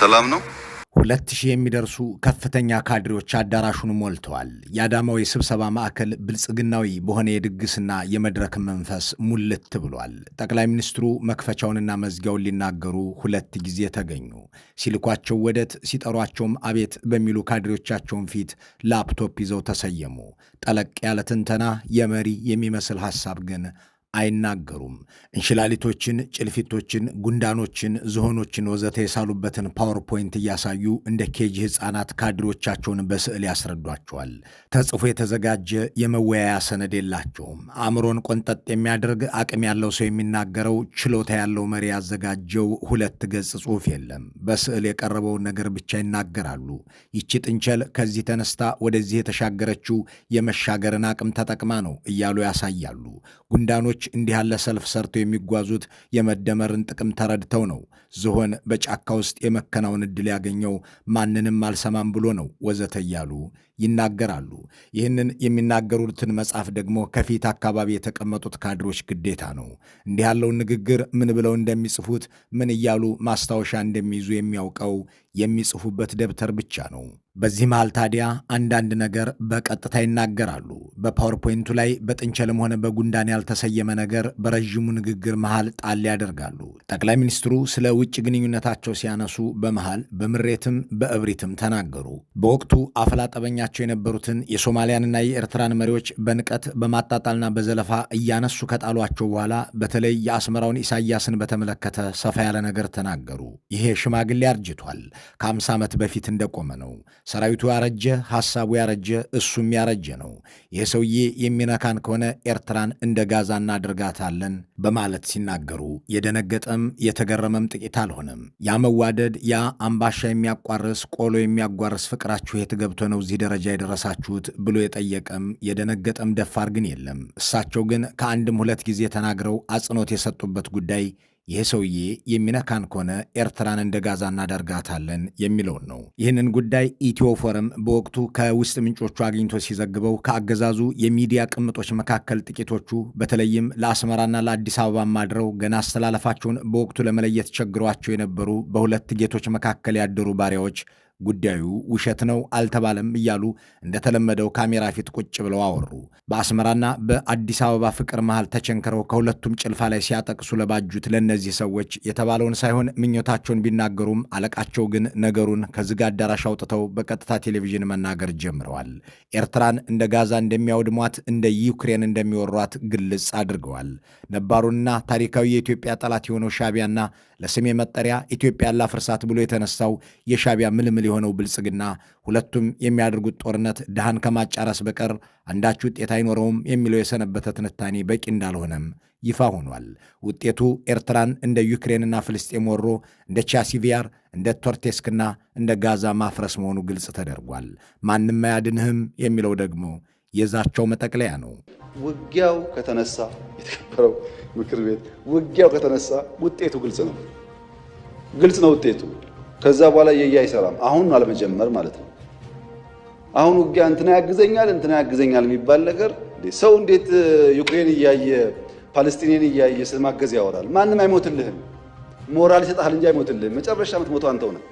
ሰላም ነው። ሁለት ሺህ የሚደርሱ ከፍተኛ ካድሬዎች አዳራሹን ሞልተዋል። የአዳማው የስብሰባ ማዕከል ብልጽግናዊ በሆነ የድግስና የመድረክ መንፈስ ሙልት ብሏል። ጠቅላይ ሚኒስትሩ መክፈቻውንና መዝጊያውን ሊናገሩ ሁለት ጊዜ ተገኙ። ሲልኳቸው ወደት፣ ሲጠሯቸውም አቤት በሚሉ ካድሬዎቻቸውን ፊት ላፕቶፕ ይዘው ተሰየሙ። ጠለቅ ያለ ትንተና የመሪ የሚመስል ሐሳብ ግን አይናገሩም። እንሽላሊቶችን፣ ጭልፊቶችን፣ ጉንዳኖችን፣ ዝሆኖችን ወዘተ የሳሉበትን ፓወርፖይንት እያሳዩ እንደ ኬጂ ሕፃናት ካድሮቻቸውን በስዕል ያስረዷቸዋል። ተጽፎ የተዘጋጀ የመወያያ ሰነድ የላቸውም። አእምሮን ቆንጠጥ የሚያደርግ አቅም ያለው ሰው የሚናገረው ችሎታ ያለው መሪ ያዘጋጀው ሁለት ገጽ ጽሑፍ የለም። በስዕል የቀረበውን ነገር ብቻ ይናገራሉ። ይቺ ጥንቸል ከዚህ ተነስታ ወደዚህ የተሻገረችው የመሻገርን አቅም ተጠቅማ ነው እያሉ ያሳያሉ። ጉንዳኖች ሰዎች እንዲህ ያለ ሰልፍ ሰርተው የሚጓዙት የመደመርን ጥቅም ተረድተው ነው። ዝሆን በጫካ ውስጥ የመከናወን ዕድል ያገኘው ማንንም አልሰማም ብሎ ነው ወዘተ እያሉ ይናገራሉ። ይህንን የሚናገሩትን መጽሐፍ ደግሞ ከፊት አካባቢ የተቀመጡት ካድሮች ግዴታ ነው። እንዲህ ያለውን ንግግር ምን ብለው እንደሚጽፉት፣ ምን እያሉ ማስታወሻ እንደሚይዙ የሚያውቀው የሚጽፉበት ደብተር ብቻ ነው። በዚህ መሃል ታዲያ አንዳንድ ነገር በቀጥታ ይናገራሉ። በፓወርፖይንቱ ላይ በጥንቸልም ሆነ በጉንዳን ያልተሰየመ ነገር በረዥሙ ንግግር መሃል ጣል ያደርጋሉ። ጠቅላይ ሚኒስትሩ ስለ ውጭ ግንኙነታቸው ሲያነሱ በመሃል በምሬትም በእብሪትም ተናገሩ። በወቅቱ አፈላጠበኛቸው ጠበኛቸው የነበሩትን የሶማሊያንና የኤርትራን መሪዎች በንቀት በማጣጣልና በዘለፋ እያነሱ ከጣሏቸው በኋላ በተለይ የአስመራውን ኢሳያስን በተመለከተ ሰፋ ያለ ነገር ተናገሩ። ይሄ ሽማግሌ አርጅቷል፣ ከ50 ዓመት በፊት እንደቆመ ነው። ሰራዊቱ ያረጀ፣ ሐሳቡ ያረጀ፣ እሱም ያረጀ ነው። ይህ ሰውዬ የሚነካን ከሆነ ኤርትራን እንደ ጋዛ እናድርጋታለን በማለት ሲናገሩ የደነገጠም የተገረመም ጥቂት አልሆነም። ያ መዋደድ፣ ያ አምባሻ የሚያቋርስ ቆሎ የሚያጓርስ ፍቅራችሁ የት ገብቶ ነው እዚህ ደረጃ የደረሳችሁት ብሎ የጠየቀም የደነገጠም ደፋር ግን የለም። እሳቸው ግን ከአንድም ሁለት ጊዜ ተናግረው አጽንኦት የሰጡበት ጉዳይ ይህ ሰውዬ የሚነካን ከሆነ ኤርትራን እንደ ጋዛ እናደርጋታለን የሚለውን ነው። ይህንን ጉዳይ ኢትዮ ፎረም በወቅቱ ከውስጥ ምንጮቹ አግኝቶ ሲዘግበው ከአገዛዙ የሚዲያ ቅምጦች መካከል ጥቂቶቹ በተለይም ለአስመራና ለአዲስ አበባ ማድረው ገና አስተላለፋቸውን በወቅቱ ለመለየት ቸግሯቸው የነበሩ በሁለት ጌቶች መካከል ያደሩ ባሪያዎች ጉዳዩ ውሸት ነው አልተባለም እያሉ እንደተለመደው ካሜራ ፊት ቁጭ ብለው አወሩ። በአስመራና በአዲስ አበባ ፍቅር መሃል ተቸንክረው ከሁለቱም ጭልፋ ላይ ሲያጠቅሱ ለባጁት ለእነዚህ ሰዎች የተባለውን ሳይሆን ምኞታቸውን ቢናገሩም አለቃቸው ግን ነገሩን ከዝግ አዳራሽ አውጥተው በቀጥታ ቴሌቪዥን መናገር ጀምረዋል። ኤርትራን እንደ ጋዛ እንደሚያወድሟት እንደ ዩክሬን እንደሚወሯት ግልጽ አድርገዋል። ነባሩንና ታሪካዊ የኢትዮጵያ ጠላት የሆነው ሻቢያና ለስሜ መጠሪያ ኢትዮጵያን ፍርሳት ብሎ የተነሳው የሻቢያ ምልምል የሆነው ብልጽግና ሁለቱም የሚያደርጉት ጦርነት ድሃን ከማጫረስ በቀር አንዳች ውጤት አይኖረውም የሚለው የሰነበተ ትንታኔ በቂ እንዳልሆነም ይፋ ሆኗል። ውጤቱ ኤርትራን እንደ ዩክሬንና ፍልስጤም ወሮ እንደ ቻሲቪያር እንደ ቶርቴስክና እንደ ጋዛ ማፍረስ መሆኑ ግልጽ ተደርጓል። ማንም አያድንህም የሚለው ደግሞ የዛቸው መጠቅለያ ነው። ውጊያው ከተነሳ የተከበረው ምክር ቤት ውጊያው ከተነሳ ውጤቱ ግልጽ ነው፣ ግልጽ ነው ውጤቱ። ከዛ በኋላ የየ አይሰራም። አሁን አለመጀመር ማለት ነው። አሁን ውጊያ እንትና ያግዘኛል እንትና ያግዘኛል የሚባል ነገር ሰው እንዴት ዩክሬን እያየ ፓለስቲኔን እያየ ስለማገዝ ያወራል? ማንም አይሞትልህም። ሞራል ይሰጣል እንጂ አይሞትልህም። መጨረሻ የምትሞተው አንተው ነህ።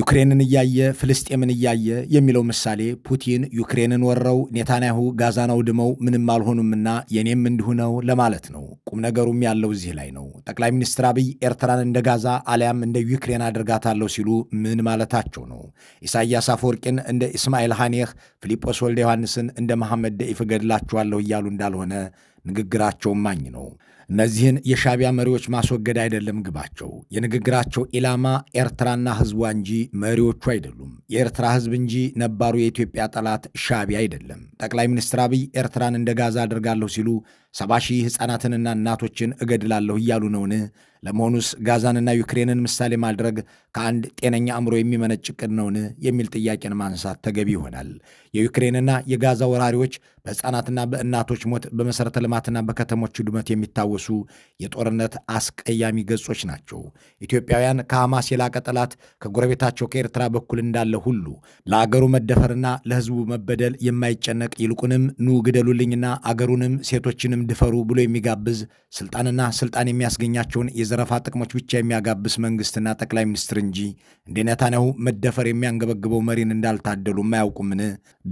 ዩክሬንን እያየ ፍልስጤምን እያየ የሚለው ምሳሌ ፑቲን ዩክሬንን ወረው ኔታንያሁ ጋዛን አውድመው ምንም አልሆኑምና የኔም እንዲሁ ነው ለማለት ነው። ቁም ነገሩም ያለው እዚህ ላይ ነው። ጠቅላይ ሚኒስትር አብይ ኤርትራን እንደ ጋዛ አሊያም እንደ ዩክሬን አድርጋታለሁ ሲሉ ምን ማለታቸው ነው? ኢሳያስ አፈወርቂን እንደ እስማኤል ሐኔህ፣ ፊልጶስ ወልደ ዮሐንስን እንደ መሐመድ ደኢፍ እገድላችኋለሁ እያሉ እንዳልሆነ ንግግራቸው ማኝ ነው። እነዚህን የሻቢያ መሪዎች ማስወገድ አይደለም ግባቸው። የንግግራቸው ኢላማ ኤርትራና ህዝቧ እንጂ መሪዎቹ አይደሉም። የኤርትራ ህዝብ እንጂ ነባሩ የኢትዮጵያ ጠላት ሻቢያ አይደለም። ጠቅላይ ሚኒስትር አብይ ኤርትራን እንደ ጋዛ አድርጋለሁ ሲሉ ሰባ ሺህ ሕፃናትንና እናቶችን እገድላለሁ እያሉ ነውን? ለመሆኑስ ጋዛንና ዩክሬንን ምሳሌ ማድረግ ከአንድ ጤነኛ አእምሮ የሚመነጭ ዕቅድ ነውን? የሚል ጥያቄን ማንሳት ተገቢ ይሆናል። የዩክሬንና የጋዛ ወራሪዎች በሕፃናትና በእናቶች ሞት፣ በመሠረተ ልማትና በከተሞች ውድመት የሚታወሱ የጦርነት አስቀያሚ ገጾች ናቸው። ኢትዮጵያውያን ከሐማስ የላቀ ጠላት ከጎረቤታቸው ከኤርትራ በኩል እንዳለ ሁሉ ለአገሩ መደፈርና ለሕዝቡ መበደል የማይጨነቅ ይልቁንም ኑ ግደሉልኝና አገሩንም ሴቶችንም ድፈሩ ብሎ የሚጋብዝ ስልጣንና ስልጣን የሚያስገኛቸውን የዘረፋ ጥቅሞች ብቻ የሚያጋብስ መንግስትና ጠቅላይ ሚኒስትር እንጂ እንደ ነታንያሁ መደፈር የሚያንገበግበው መሪን እንዳልታደሉም አያውቁምን?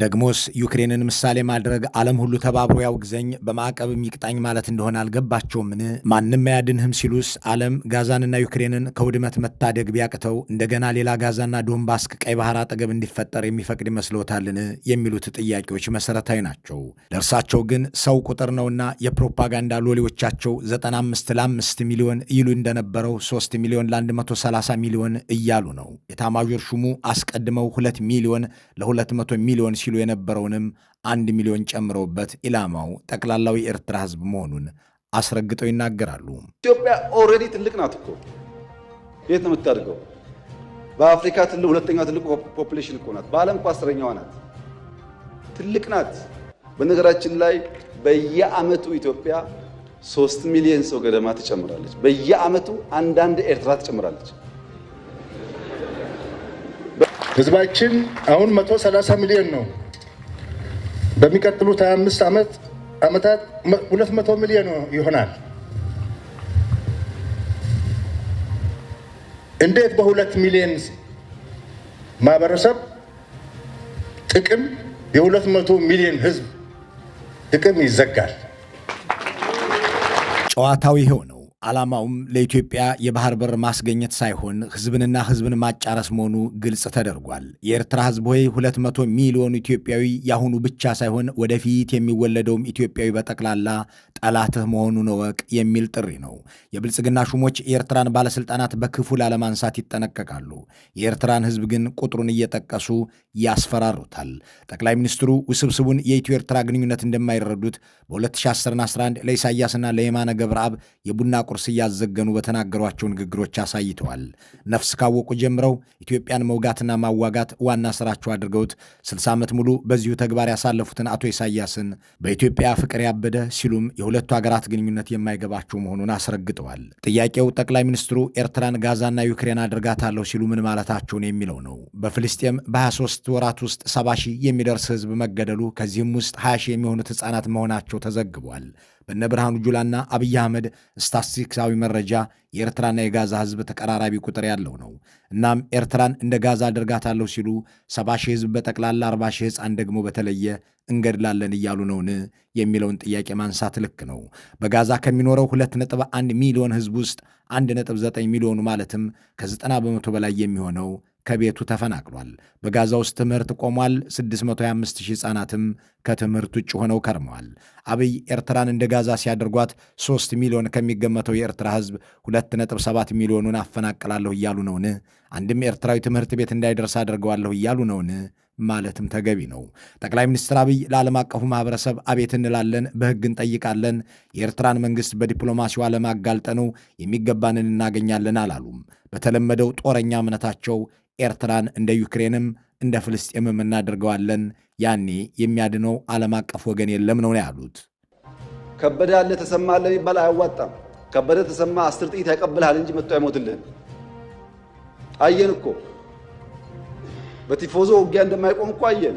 ደግሞስ ዩክሬንን ምሳሌ ማድረግ ዓለም ሁሉ ተባብሮ ያውግዘኝ በማዕቀብም ይቅጣኝ ማለት እንደሆነ አልገባቸውምን? ማንም አያድንህም ሲሉስ ዓለም ጋዛንና ዩክሬንን ከውድመት መታደግ ቢያቅተው እንደገና ሌላ ጋዛና ዶንባስክ ቀይ ባህር አጠገብ እንዲፈጠር የሚፈቅድ ይመስሎታልን? የሚሉት ጥያቄዎች መሰረታዊ ናቸው። ለእርሳቸው ግን ሰው ቁጥር ነውና የፕሮፓጋንዳ ሎሌዎቻቸው 95 ለ5 ሚሊዮን ይሉ እንደነበረው 3 ሚሊዮን ለ130 ሚሊዮን እያሉ ነው። የታማዦር ሹሙ አስቀድመው 2 ሚሊዮን ለ200 ሚሊዮን ሲሉ የነበረውንም 1 ሚሊዮን ጨምረውበት ኢላማው ጠቅላላው የኤርትራ ህዝብ መሆኑን አስረግጠው ይናገራሉ። ኢትዮጵያ ኦልሬዲ ትልቅ ናት እኮ የት ነው የምታደርገው? በአፍሪካ ሁለተኛ ትልቁ ፖፕሌሽን እኮ ናት። በዓለም እኮ አስረኛዋ ናት። ትልቅ ናት። በነገራችን ላይ በየአመቱ ኢትዮጵያ ሶስት ሚሊዮን ሰው ገደማ ትጨምራለች። በየአመቱ አንዳንድ ኤርትራ ትጨምራለች። ህዝባችን አሁን 130 ሚሊዮን ነው። በሚቀጥሉት 25 ዓመት ዓመታት 200 ሚሊዮን ይሆናል። እንዴት በሁለት ሚሊዮን ማህበረሰብ ጥቅም የ200 ሚሊዮን ህዝብ ጥቅም ይዘጋል። ጨዋታው ይኸው ነው። ዓላማውም ለኢትዮጵያ የባህር በር ማስገኘት ሳይሆን ህዝብንና ህዝብን ማጫረስ መሆኑ ግልጽ ተደርጓል። የኤርትራ ህዝብ ሆይ 200 ሚሊዮን ኢትዮጵያዊ የአሁኑ ብቻ ሳይሆን ወደፊት የሚወለደውም ኢትዮጵያዊ በጠቅላላ ጠላትህ መሆኑን እወቅ የሚል ጥሪ ነው። የብልጽግና ሹሞች የኤርትራን ባለሥልጣናት በክፉ ላለማንሳት ይጠነቀቃሉ። የኤርትራን ህዝብ ግን ቁጥሩን እየጠቀሱ ያስፈራሩታል። ጠቅላይ ሚኒስትሩ ውስብስቡን የኢትዮ ኤርትራ ግንኙነት እንደማይረዱት በ 2010 ለኢሳያስና ለየማነ ገብረአብ የቡና ቁርስ እያዘገኑ በተናገሯቸው ንግግሮች አሳይተዋል። ነፍስ ካወቁ ጀምረው ኢትዮጵያን መውጋትና ማዋጋት ዋና ስራቸው አድርገውት 60 ዓመት ሙሉ በዚሁ ተግባር ያሳለፉትን አቶ ኢሳያስን በኢትዮጵያ ፍቅር ያበደ ሲሉም የሁለቱ ሀገራት ግንኙነት የማይገባቸው መሆኑን አስረግጠዋል። ጥያቄው ጠቅላይ ሚኒስትሩ ኤርትራን ጋዛና ዩክሬን አድርጋታለሁ ሲሉ ምን ማለታቸውን የሚለው ነው። በፍልስጤም በ23 ወራት ውስጥ 70 ሺህ የሚደርስ ህዝብ መገደሉ ከዚህም ውስጥ 20 ሺህ የሚሆኑት ህጻናት መሆናቸው ተዘግቧል። በነ ብርሃኑ ጁላና አብይ አህመድ ስታስቲክሳዊ መረጃ የኤርትራና የጋዛ ህዝብ ተቀራራቢ ቁጥር ያለው ነው። እናም ኤርትራን እንደ ጋዛ አደርጋታለሁ ሲሉ ሰባ ሺህ ህዝብ በጠቅላላ አርባ ሺህ ህፃን ደግሞ በተለየ እንገድላለን እያሉ ነውን የሚለውን ጥያቄ ማንሳት ልክ ነው። በጋዛ ከሚኖረው 2.1 ሚሊዮን ህዝብ ውስጥ 1.9 ሚሊዮኑ ማለትም ከ90 በመቶ በላይ የሚሆነው ከቤቱ ተፈናቅሏል። በጋዛ ውስጥ ትምህርት ቆሟል። 625 ሺህ ሕፃናትም ከትምህርት ውጭ ሆነው ከርመዋል። አብይ ኤርትራን እንደ ጋዛ ሲያደርጓት 3 ሚሊዮን ከሚገመተው የኤርትራ ሕዝብ 2.7 ሚሊዮኑን አፈናቅላለሁ እያሉ ነውን? አንድም ኤርትራዊ ትምህርት ቤት እንዳይደርስ አድርገዋለሁ እያሉ ነውን? ማለትም ተገቢ ነው። ጠቅላይ ሚኒስትር አብይ ለዓለም አቀፉ ማህበረሰብ አቤት እንላለን፣ በህግ እንጠይቃለን፣ የኤርትራን መንግስት በዲፕሎማሲው ዓለም አጋልጠነው የሚገባንን እናገኛለን አላሉም። በተለመደው ጦረኛ እምነታቸው ኤርትራን እንደ ዩክሬንም እንደ ፍልስጤምም እናደርገዋለን። ያኔ የሚያድነው ዓለም አቀፍ ወገን የለም ነው ያሉት። ከበደ ያለ ተሰማ አለ የሚባል አያዋጣም። ከበደ ተሰማ አስር ጥይት ያቀብልሃል እንጂ መጥቶ አይሞትልህም። አየን እኮ በቲፎዞ ውጊያ እንደማይቆም እኮ አየን።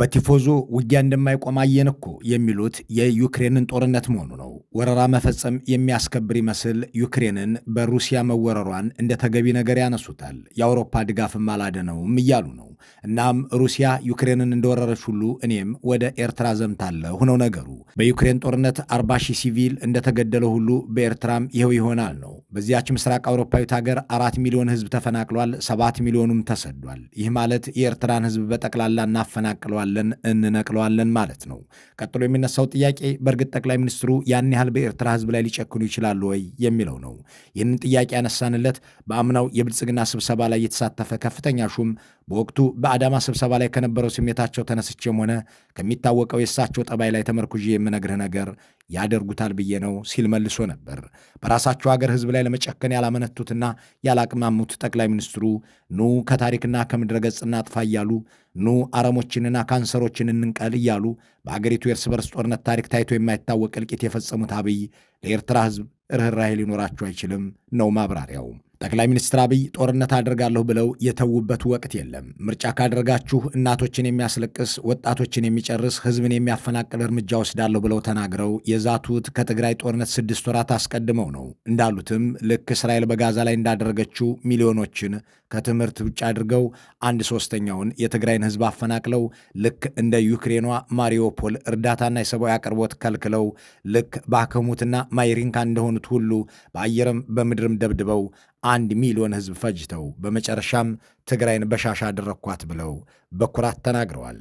በቲፎዞ ውጊያ እንደማይቆም አየን እኮ የሚሉት የዩክሬንን ጦርነት መሆኑ ነው። ወረራ መፈጸም የሚያስከብር ይመስል ዩክሬንን በሩሲያ መወረሯን እንደ ተገቢ ነገር ያነሱታል። የአውሮፓ ድጋፍም አላደነውም እያሉ ነው። እናም ሩሲያ ዩክሬንን እንደወረረች ሁሉ እኔም ወደ ኤርትራ ዘምታለሁ ነው ነገሩ። በዩክሬን ጦርነት 40 ሺህ ሲቪል እንደተገደለ ሁሉ በኤርትራም ይኸው ይሆናል ነው። በዚያች ምስራቅ አውሮፓዊት ሀገር አራት ሚሊዮን ህዝብ ተፈናቅሏል፣ ሰባት ሚሊዮኑም ተሰዷል። ይህ ማለት የኤርትራን ህዝብ በጠቅላላ እናፈናቅለዋል እንገለዋለን፣ እንነቅለዋለን ማለት ነው። ቀጥሎ የሚነሳው ጥያቄ በእርግጥ ጠቅላይ ሚኒስትሩ ያን ያህል በኤርትራ ህዝብ ላይ ሊጨክኑ ይችላሉ ወይ የሚለው ነው። ይህንን ጥያቄ ያነሳንለት በአምናው የብልጽግና ስብሰባ ላይ የተሳተፈ ከፍተኛ ሹም በወቅቱ በአዳማ ስብሰባ ላይ ከነበረው ስሜታቸው ተነስቼም ሆነ ከሚታወቀው የእሳቸው ጠባይ ላይ ተመርኩዤ የምነግርህ ነገር ያደርጉታል ብዬ ነው ሲል መልሶ ነበር። በራሳቸው ሀገር ህዝብ ላይ ለመጨከን ያላመነቱትና ያላቅማሙት ጠቅላይ ሚኒስትሩ ኑ ከታሪክና ከምድረ ገጽና ጥፋ እያሉ ኑ አረሞችንና ካንሰሮችን እንንቀል እያሉ በአገሪቱ የእርስ በርስ ጦርነት ታሪክ ታይቶ የማይታወቅ እልቂት የፈጸሙት አብይ ለኤርትራ ህዝብ ርኅራሄ ሊኖራቸው አይችልም ነው ማብራሪያው። ጠቅላይ ሚኒስትር አብይ ጦርነት አደርጋለሁ ብለው የተዉበት ወቅት የለም። ምርጫ ካደረጋችሁ እናቶችን የሚያስለቅስ ወጣቶችን የሚጨርስ ህዝብን የሚያፈናቅል እርምጃ ወስዳለሁ ብለው ተናግረው የዛቱት ከትግራይ ጦርነት ስድስት ወራት አስቀድመው ነው። እንዳሉትም ልክ እስራኤል በጋዛ ላይ እንዳደረገችው ሚሊዮኖችን ከትምህርት ውጭ አድርገው አንድ ሶስተኛውን የትግራይን ህዝብ አፈናቅለው ልክ እንደ ዩክሬኗ ማሪዮፖል እርዳታና የሰብአዊ አቅርቦት ከልክለው ልክ ባከሙትና ማይሪንካ እንደሆኑት ሁሉ በአየርም በምድርም ደብድበው አንድ ሚሊዮን ህዝብ ፈጅተው በመጨረሻም ትግራይን በሻሻ አደረግኳት ብለው በኩራት ተናግረዋል።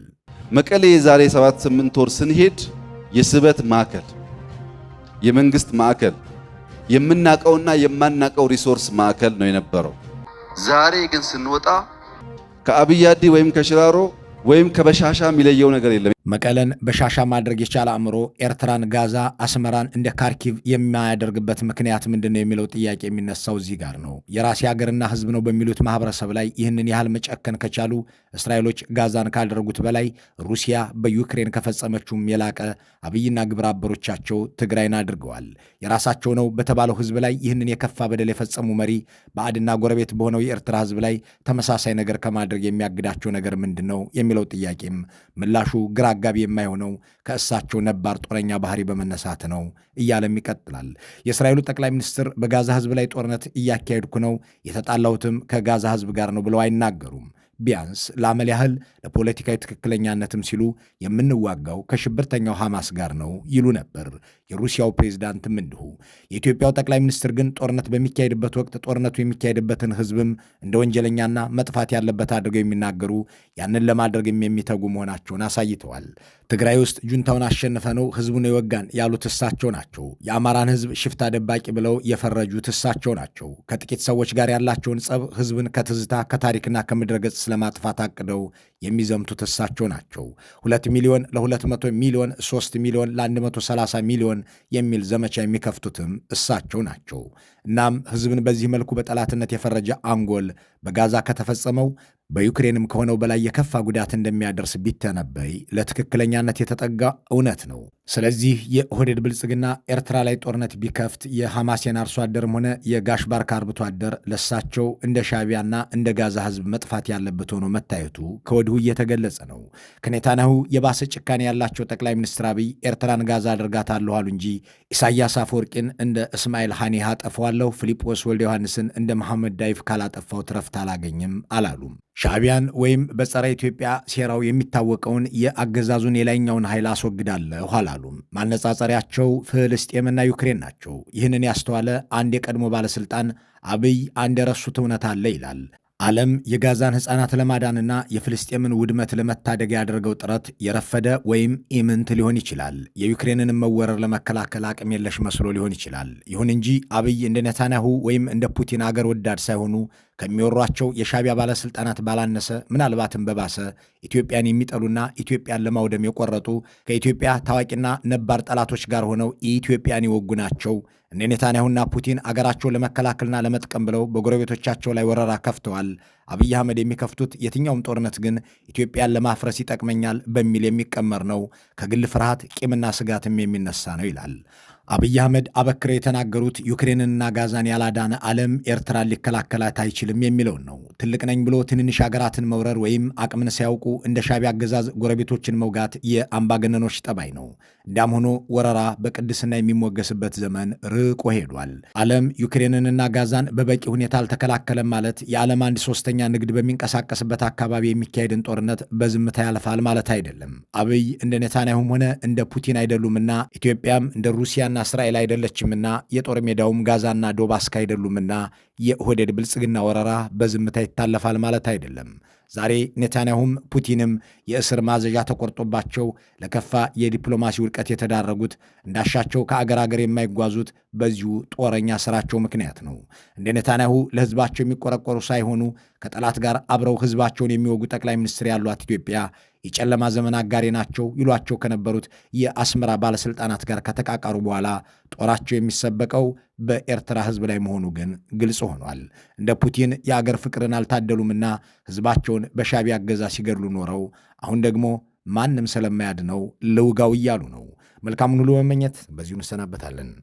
መቀሌ የዛሬ 78 ወር ስንሄድ የስበት ማዕከል፣ የመንግስት ማዕከል፣ የምናቀውና የማናቀው ሪሶርስ ማዕከል ነው የነበረው። ዛሬ ግን ስንወጣ ከአብይ አዲ ወይም ከሽራሮ ወይም ከበሻሻ የሚለየው ነገር የለም። መቀለን በሻሻ ማድረግ የቻለ አእምሮ ኤርትራን ጋዛ፣ አስመራን እንደ ካርኪቭ የማያደርግበት ምክንያት ምንድን ነው የሚለው ጥያቄ የሚነሳው እዚህ ጋር ነው። የራሴ ሀገርና ሕዝብ ነው በሚሉት ማህበረሰብ ላይ ይህንን ያህል መጨከን ከቻሉ እስራኤሎች ጋዛን ካደረጉት በላይ ሩሲያ በዩክሬን ከፈጸመችውም የላቀ አብይና ግብረ አበሮቻቸው ትግራይን አድርገዋል። የራሳቸው ነው በተባለው ሕዝብ ላይ ይህንን የከፋ በደል የፈጸሙ መሪ በአድና ጎረቤት በሆነው የኤርትራ ሕዝብ ላይ ተመሳሳይ ነገር ከማድረግ የሚያግዳቸው ነገር ምንድን ነው የሚለው ጥያቄም ምላሹ ግራ አጋቢ የማይሆነው ከእሳቸው ነባር ጦረኛ ባህሪ በመነሳት ነው እያለም ይቀጥላል። የእስራኤሉ ጠቅላይ ሚኒስትር በጋዛ ህዝብ ላይ ጦርነት እያካሄድኩ ነው፣ የተጣላሁትም ከጋዛ ህዝብ ጋር ነው ብለው አይናገሩም። ቢያንስ ለአመል ያህል ለፖለቲካዊ ትክክለኛነትም ሲሉ የምንዋጋው ከሽብርተኛው ሐማስ ጋር ነው ይሉ ነበር። የሩሲያው ፕሬዝዳንትም እንዲሁ። የኢትዮጵያው ጠቅላይ ሚኒስትር ግን ጦርነት በሚካሄድበት ወቅት ጦርነቱ የሚካሄድበትን ሕዝብም እንደ ወንጀለኛና መጥፋት ያለበት አድርገው የሚናገሩ ያንን ለማድረግም የሚተጉ መሆናቸውን አሳይተዋል። ትግራይ ውስጥ ጁንታውን አሸንፈ ነው ሕዝቡን የወጋን ያሉት እሳቸው ናቸው። የአማራን ሕዝብ ሽፍታ ደባቂ ብለው የፈረጁት እሳቸው ናቸው። ከጥቂት ሰዎች ጋር ያላቸውን ጸብ ሕዝብን ከትዝታ ከታሪክና ከምድረገጽ ለማጥፋት አቅደው የሚዘምቱት እሳቸው ናቸው። 2 ሚሊዮን ለ200 ሚሊዮን፣ 3 ሚሊዮን ለ130 ሚሊዮን የሚል ዘመቻ የሚከፍቱትም እሳቸው ናቸው። እናም ህዝብን በዚህ መልኩ በጠላትነት የፈረጀ አንጎል በጋዛ ከተፈጸመው በዩክሬንም ከሆነው በላይ የከፋ ጉዳት እንደሚያደርስ ቢተነበይ ለትክክለኛነት የተጠጋ እውነት ነው። ስለዚህ የኦህዴድ ብልጽግና ኤርትራ ላይ ጦርነት ቢከፍት የሐማሴን አርሶ አደርም ሆነ የጋሽ ባርክ አርብቶ አደር ለሳቸው እንደ ሻቢያና እንደ ጋዛ ሕዝብ መጥፋት ያለበት ሆኖ መታየቱ ከወዲሁ እየተገለጸ ነው። ከኔታንያሁ የባሰ ጭካኔ ያላቸው ጠቅላይ ሚኒስትር አብይ ኤርትራን ጋዛ አደርጋታለሁ አሉ እንጂ ኢሳያስ አፈወርቂን እንደ እስማኤል ሃኒህ አጠፈዋለሁ፣ ፊልጶስ ወልደ ዮሐንስን እንደ መሐመድ ዳይፍ ካላጠፋው ትረፍ እረፍት አላገኘም አላሉም። ሻዕቢያን ወይም በጸረ ኢትዮጵያ ሴራው የሚታወቀውን የአገዛዙን የላይኛውን ኃይል አስወግዳለሁ አላሉም። ማነጻጸሪያቸው ፍልስጤምና ዩክሬን ናቸው። ይህንን ያስተዋለ አንድ የቀድሞ ባለሥልጣን አብይ አንድ የረሱት እውነት አለ ይላል። ዓለም የጋዛን ሕፃናት ለማዳንና የፍልስጤምን ውድመት ለመታደግ ያደረገው ጥረት የረፈደ ወይም ኢምንት ሊሆን ይችላል። የዩክሬንንም መወረር ለመከላከል አቅም የለሽ መስሎ ሊሆን ይችላል። ይሁን እንጂ አብይ እንደ ኔታንያሁ ወይም እንደ ፑቲን አገር ወዳድ ሳይሆኑ ከሚወሯቸው የሻቢያ ባለስልጣናት ባላነሰ ምናልባትም በባሰ ኢትዮጵያን የሚጠሉና ኢትዮጵያን ለማውደም የቆረጡ ከኢትዮጵያ ታዋቂና ነባር ጠላቶች ጋር ሆነው የኢትዮጵያን የወጉ ናቸው። እነ ኔታንያሁና ፑቲን አገራቸውን ለመከላከልና ለመጥቀም ብለው በጎረቤቶቻቸው ላይ ወረራ ከፍተዋል። አብይ አህመድ የሚከፍቱት የትኛውም ጦርነት ግን ኢትዮጵያን ለማፍረስ ይጠቅመኛል በሚል የሚቀመር ነው። ከግል ፍርሃት ቂምና ስጋትም የሚነሳ ነው ይላል። አብይ አህመድ አበክረው የተናገሩት ዩክሬንንና ጋዛን ያላዳነ ዓለም ኤርትራን ሊከላከላት አይችልም የሚለውን ነው። ትልቅ ነኝ ብሎ ትንንሽ ሀገራትን መውረር ወይም አቅምን ሳያውቁ እንደ ሻቢያ አገዛዝ ጎረቤቶችን መውጋት የአምባገነኖች ጠባይ ነው። እንዳም ሆኖ ወረራ በቅድስና የሚሞገስበት ዘመን ርቆ ሄዷል። ዓለም ዩክሬንንና ጋዛን በበቂ ሁኔታ አልተከላከለም ማለት የዓለም አንድ ሶስተኛ ንግድ በሚንቀሳቀስበት አካባቢ የሚካሄድን ጦርነት በዝምታ ያልፋል ማለት አይደለም። አብይ እንደ ኔታንያሁም ሆነ እንደ ፑቲን አይደሉምና ኢትዮጵያም እንደ ሩሲያና እስራኤል አይደለችምና የጦር ሜዳውም ጋዛና ዶባስክ አይደሉምና የኦህዴድ ብልጽግና ወረራ በዝምታ ይታለፋል ማለት አይደለም። ዛሬ ኔታንያሁም ፑቲንም የእስር ማዘዣ ተቆርጦባቸው ለከፋ የዲፕሎማሲ ውድቀት የተዳረጉት እንዳሻቸው ከአገር አገር የማይጓዙት በዚሁ ጦረኛ ስራቸው ምክንያት ነው። እንደ ኔታንያሁ ለህዝባቸው የሚቆረቆሩ ሳይሆኑ ከጠላት ጋር አብረው ህዝባቸውን የሚወጉ ጠቅላይ ሚኒስትር ያሏት ኢትዮጵያ የጨለማ ዘመን አጋሪ ናቸው ይሏቸው ከነበሩት የአስመራ ባለሥልጣናት ጋር ከተቃቀሩ በኋላ ጦራቸው የሚሰበቀው በኤርትራ ሕዝብ ላይ መሆኑ ግን ግልጽ ሆኗል። እንደ ፑቲን የአገር ፍቅርን አልታደሉምና ሕዝባቸውን በሻቢ አገዛ ሲገድሉ ኖረው አሁን ደግሞ ማንም ስለማያድነው ልውጋው እያሉ ነው። መልካሙን ሁሉ መመኘት በዚሁ እንሰናበታለን።